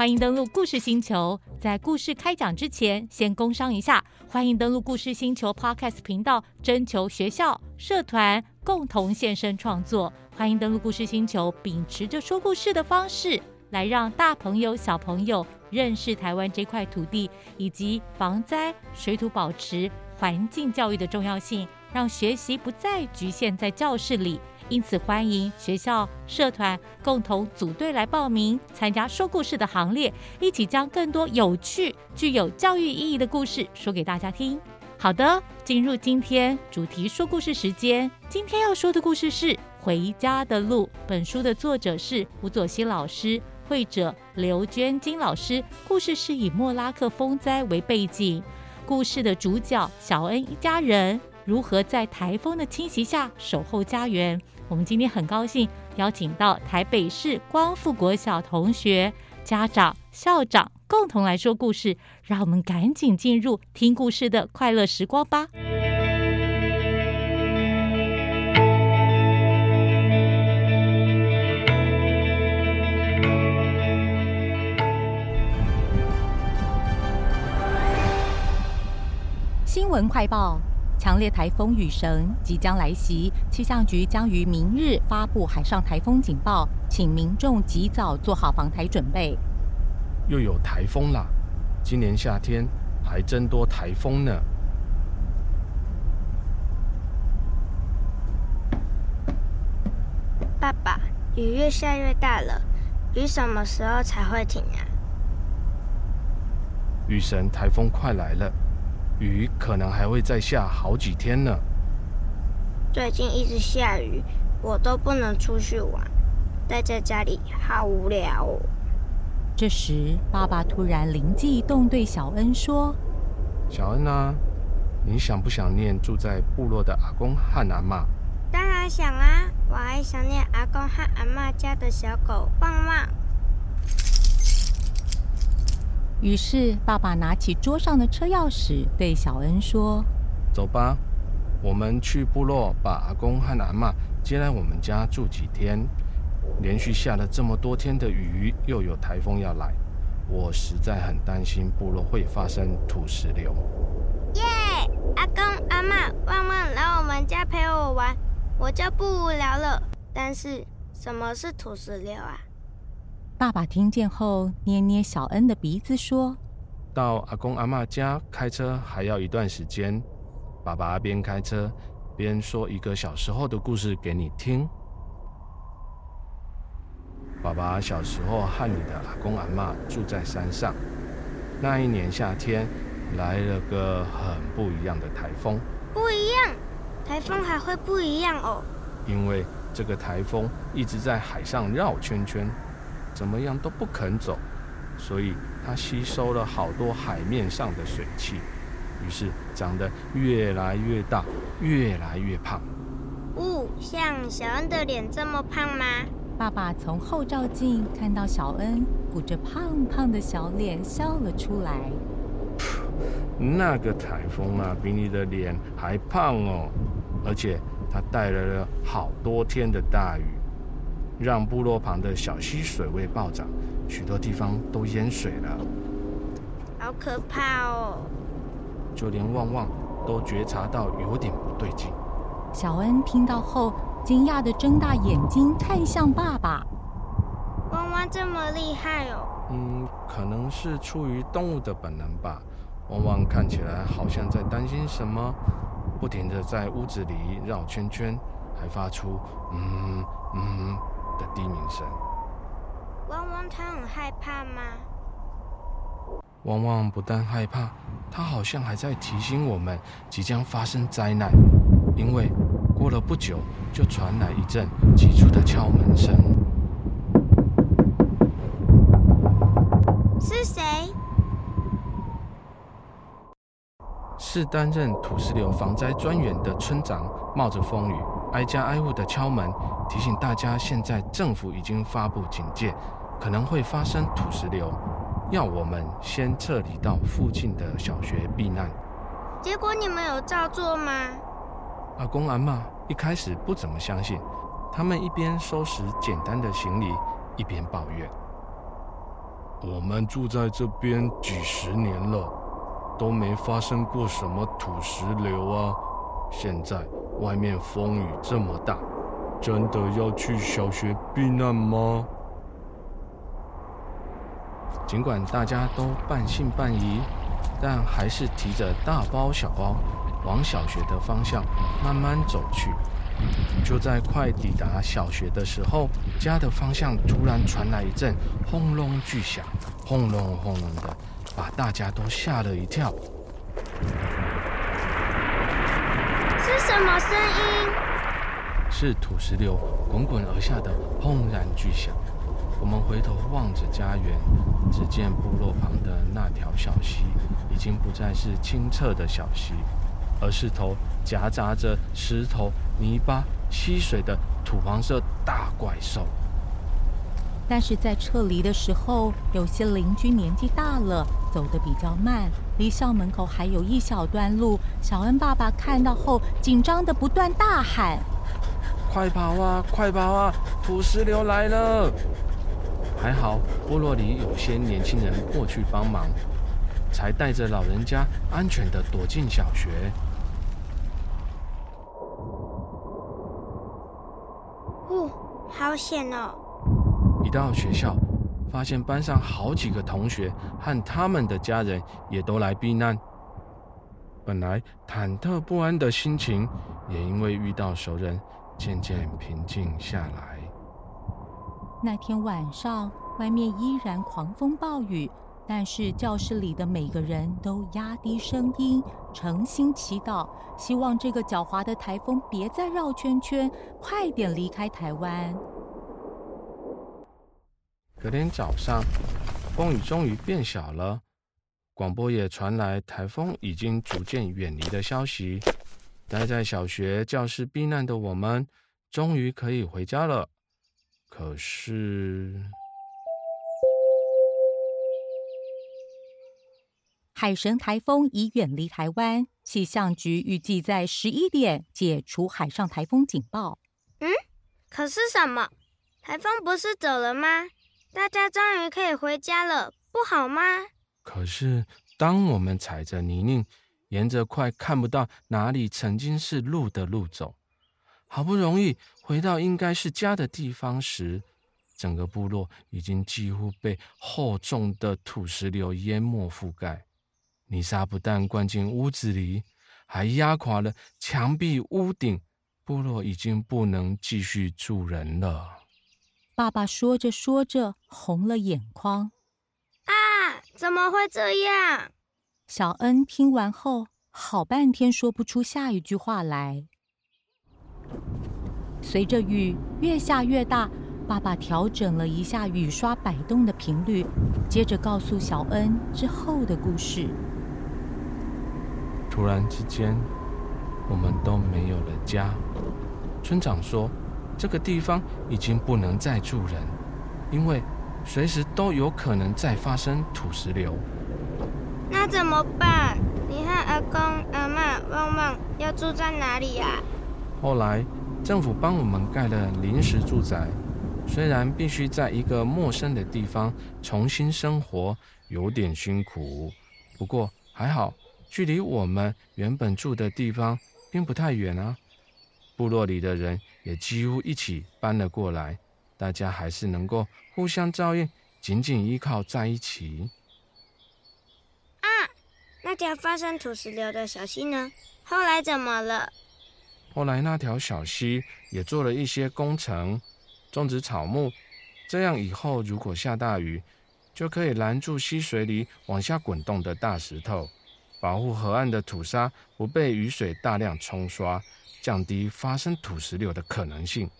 歡迎登陸故事星球。在故事開講之前，先工商一下。歡迎登陸故事星球 Podcast 頻道，徵求學校、社團共同現身創作。歡迎登陸故事星球，秉持着說故事的方式來讓大朋友、小朋友認識台灣這塊土地，以及防災、水土保持、環境教育的重要性，讓學習不再局限在教室裡。因此，歡迎學校社團共同組隊來報名參加說故事的行列，一起將更多有趣、具有教育意義的故事說給大家聽。好的，進入今天主題說故事時間。今天要說的故事是《回家的路》。本書的作者是吳佐晰老師，繪者劉鵑菁老師。故事是以莫拉克風災為背景，故事的主角小恩一家人如何在颱風的侵襲下守候家園。我們今天很高興邀請到台北市光復國小同學、家長、校長共同來說故事，讓我們趕緊進入聽故事的快樂時光吧。新聞快報。強烈颱風“雨神”即將來襲，氣象局將於明日發布海上颱風警報，請民眾及早做好防台準備。又有颱風啦，今年夏天還真多颱風呢。爸爸，雨越下越大了，雨什麼時候才會停啊？雨神颱風快來了。雨可能還會再下好幾天呢。最近一直下雨，我都不能出去玩，待在家裡好無聊哦。這時，爸爸突然靈機一動，對小恩說：“小恩啊，你想不想念住在部落的阿公和阿媽？”“當然想啊，我還想念阿公和阿媽家的小狗旺旺。棒棒”於是，爸爸拿起桌上的車鑰匙，對小恩說：“走吧，我們去部落把阿公和阿嬤接來我們家住幾天。連續下了這麼多天的雨，又有颱風要來，我實在很擔心部落會發生土石流。”耶！阿公、阿嬤、旺旺來我們家陪我玩，我就不無聊了。但是，什麼是土石流啊？爸爸聽見後，捏捏小恩的鼻子，說：“到阿公阿媽家開車還要一段時間，爸爸邊開車邊說一個小時候的故事給你聽。爸爸小時候和你的阿公阿媽住在山上，那一年夏天來了個很不一樣的台風。不一樣，台風還會不一樣哦？因為這個台風一直在海上繞圈圈。”怎麼樣都不肯走，所以他吸收了好多海面上的水汽，於是長得越來越大，越來越胖。哦，像小恩的臉這麼胖嗎？爸爸從後照鏡看到小恩鼓着胖胖的小臉笑了出來。那個台風啊，比你的臉還胖哦，而且它帶來了好多天的大雨。讓部落旁的小溪水位暴漲，許多地方都淹水了，好可怕哦！就連旺旺都覺察到有點不對勁。小恩聽到後，驚訝地睜大眼睛看向爸爸。旺旺這麼厲害哦！嗯，可能是出於動物的本能吧。旺旺看起來好像在擔心什麼，不停地在屋子裡繞圈圈，還發出“嗯嗯”的低鳴聲，汪汪，它很害怕嗎？汪汪不但害怕，它好像還在提醒我們即將發生災難，因為過了不久就傳來一陣急促的敲門聲。是誰？是擔任土石流防災專員的村長，冒着風雨挨家挨戶的敲門，提醒大家：現在政府已經發布警戒，可能會發生土石流，要我們先撤離到附近的小學避難。結果你們有照做嗎？阿公阿嬤一開始不怎麼相信，他們一邊收拾簡單的行李，一邊抱怨：“我們住在這邊幾十年了，都沒發生過什麼土石流啊，現在。”外面風雨這麼大，真的要去小學避難嗎？儘管大家都半信半疑，但還是提着大包小包往小學的方向慢慢走去。就在快抵達小學的時候，家的方向突然傳來一陣轟隆巨響，轟隆轟隆的，把大家都嚇了一跳。什麼聲音？是土石流滾滾而下的轟然巨響。我們回頭望着家園，只見部落旁的那條小溪，已經不再是清澈的小溪，而是頭夾雜着石頭、泥巴、溪水的土黃色大怪獸。但是在撤離的時候，有些鄰居年紀大了，走得比較慢，離校門口還有一小段路。小恩爸爸看到後，緊張地不斷大喊：“快跑啊，快跑啊！土石流來了！”還好，部落裡有些年輕人過去幫忙，才帶着老人家安全地躲進小學。嗚、哦，好險哦！一到學校，發現班上好幾個同學和他們的家人也都來避難。本來忐忑不安的心情，也因為遇到熟人，漸漸平靜下來。那天晚上，外面依然狂風暴雨，但是教室裡的每個人都壓低聲音，誠心祈禱，希望這個狡猾的台風別再繞圈圈，快點離開台灣。隔天早上，風雨終於變小了，廣播也傳來颱風已經逐漸遠離的消息。待在小學教室避難的我們，終於可以回家了。可是……海神颱風已遠離臺灣，氣象局預計在十一點解除海上颱風警報。嗯，可是什麼？颱風不是走了嗎？大家終於可以回家了，不好嗎？可是，當我們踩着泥濘，沿着快看不到哪裡曾經是路的路走，好不容易回到應該是家的地方時，整個部落已經幾乎被厚重的土石流淹沒覆蓋。泥沙不但灌進屋子裡，還壓垮了牆壁屋頂，部落已經不能繼續住人了。爸爸說着說着，紅了眼眶。啊！怎麼會這樣？小恩聽完後，好半天說不出下一句話來。隨着雨越下越大，爸爸調整了一下雨刷擺動的頻率，接着告訴小恩之後的故事。突然之間，我們都沒有了家。村長說。這個地方已經不能再住人，因為隨時都有可能再發生土石流。那怎麼辦？你和阿公、阿嬤、旺旺要住在哪裡啊？後來政府幫我們蓋了臨時住宅，雖然必須在一個陌生的地方重新生活，有點辛苦，不過還好，距離我們原本住的地方並不太遠啊。部落裡的人也幾乎一起搬了過來，大家還是能夠互相照應，緊緊依靠在一起。啊，那條發生土石流的小溪呢？後來怎麼了？後來那條小溪也做了一些工程，種植草木，這樣以後如果下大雨，就可以攔住溪水裡往下滾動的大石頭，保護河岸的土沙不被雨水大量沖刷。降低發生土石流的可能性。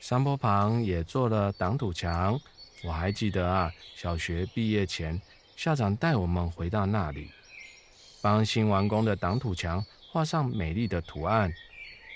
山坡旁也做了擋土牆。我還記得啊，小學畢業前，校長帶我們回到那裡，幫新完工的擋土牆畫上美麗的圖案。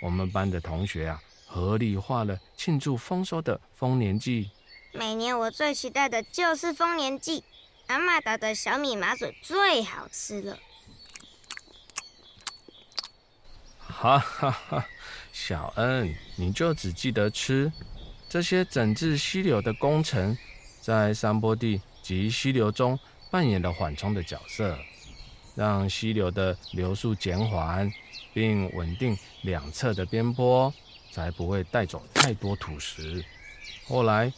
我們班的同學啊，合力畫了慶祝豐收的豐年祭。每年我最期待的就是豐年祭。阿嬤打的小米麻糬最好吃了。哈哈哈， 小恩，你就只記得吃。這些整治溪流的工程，在山坡地及溪流中扮演了緩衝的角色，讓溪流的流速減緩，並穩定兩側的邊坡，才不會帶走太多土石。後來，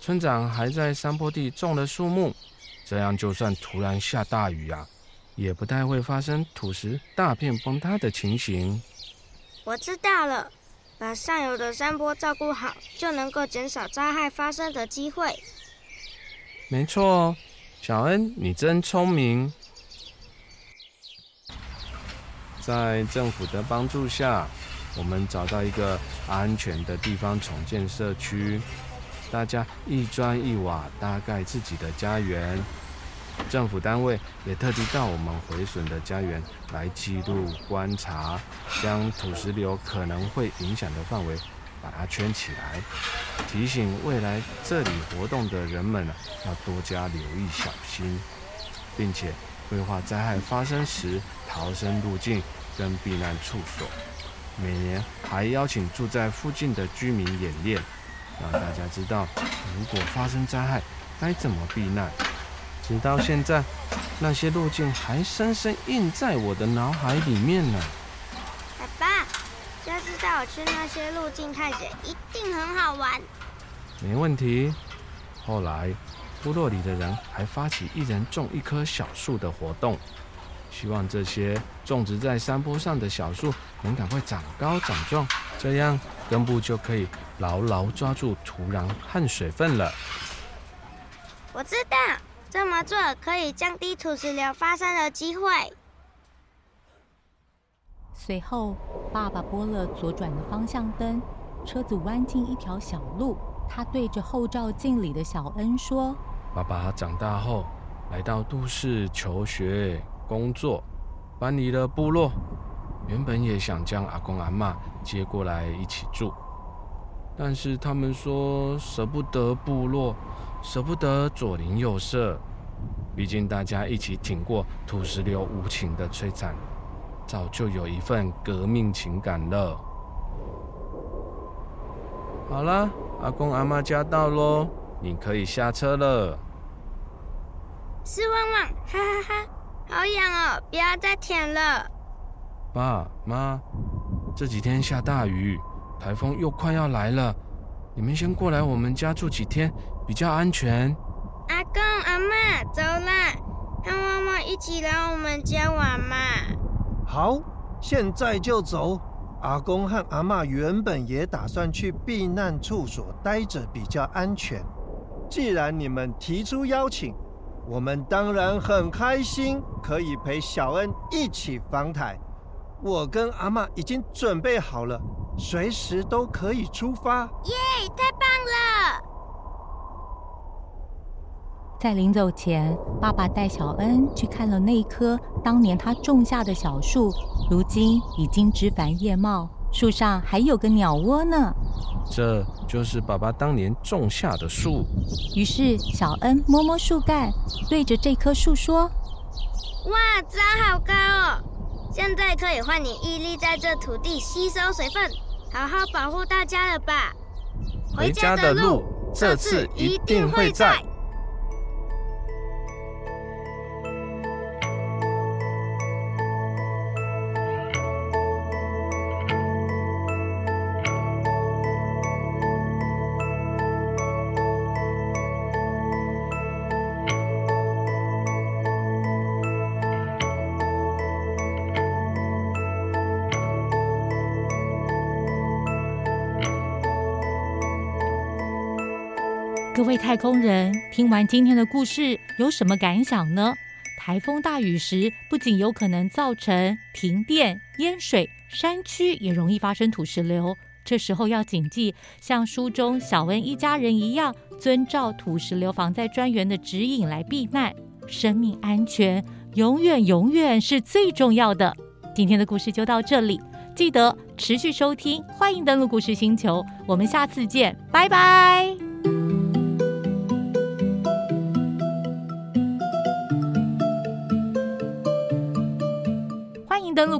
村長還在山坡地種了樹木，這樣就算突然下大雨呀、啊，也不太會發生土石大片崩塌的情形。我知道了，把上游的山坡照顧好，就能夠減少災害發生的機會。沒錯，小恩，你真聰明。在政府的幫助下，我們找到一個安全的地方重建社區，大家一磚一瓦，搭蓋自己的家園。政府單位也特地到我們毀損的家園來記錄觀察，將土石流可能會影響的範圍把它圈起來，提醒未來這裡活動的人們呢要多加留意小心，並且規劃災害發生時逃生路徑跟避難處所。每年還邀請住在附近的居民演練，讓大家知道如果發生災害該怎麼避難。直到現在，那些路徑還深深印在我的腦海裡面呢。爸爸，下次帶我去那些路徑探險，一定很好玩。沒問題。後來，部落裡的人還發起一人種一棵小樹的活動，希望這些種植在山坡上的小樹能趕快長高長壯，這樣根部就可以牢牢抓住土壤和水分了。我知道。這麼做可以降低土石流發生的機會。隨後，爸爸撥了左轉的方向燈，車子彎進一條小路。他對着後照鏡裡的小恩說：“爸爸長大後，來到都市求學、工作，搬離了部落。原本也想將阿公阿嬤接過來一起住，但是他們說捨不得部落。”捨不得左鄰右舍，畢竟大家一起挺過土石流無情的摧殘，早就有一份革命情感了。好了，阿公阿媽家到嘍，你可以下車了。是旺旺，哈哈哈哈，好癢哦，不要再舔了。爸媽，這幾天下大雨，颱風又快要來了，你們先過來我們家住幾天。比較安全。阿公、阿嬤，走了，和媽媽一起來我們家玩嘛。好，現在就走。阿公和阿嬤原本也打算去避難處所待着比較安全，既然你們提出邀請，我們當然很開心，可以陪小恩一起防颱。我跟阿嬤已經準備好了，隨時都可以出發。Yeah! 在臨走前，爸爸帶小恩去看了那棵當年他種下的小樹，如今已經枝繁葉茂，樹上還有個鳥窩呢。這就是爸爸當年種下的樹。於是，小恩摸摸樹幹，對着這棵樹說：“哇，長好高哦！現在可以換你屹立在這土地，吸收水分，好好保護大家了吧？回家的路，的路這次一定會在。會在”各位太空人，聽完今天的故事有什麼感想呢？颱風大雨時，不僅有可能造成停電、淹水，山區也容易發生土石流。這時候要謹記，像書中小溫一家人一樣，遵照土石流防災專員的指引來避難。生命安全永遠永遠是最重要的。今天的故事就到這裡，記得持續收聽，歡迎登陸故事星球，我們下次見，拜拜。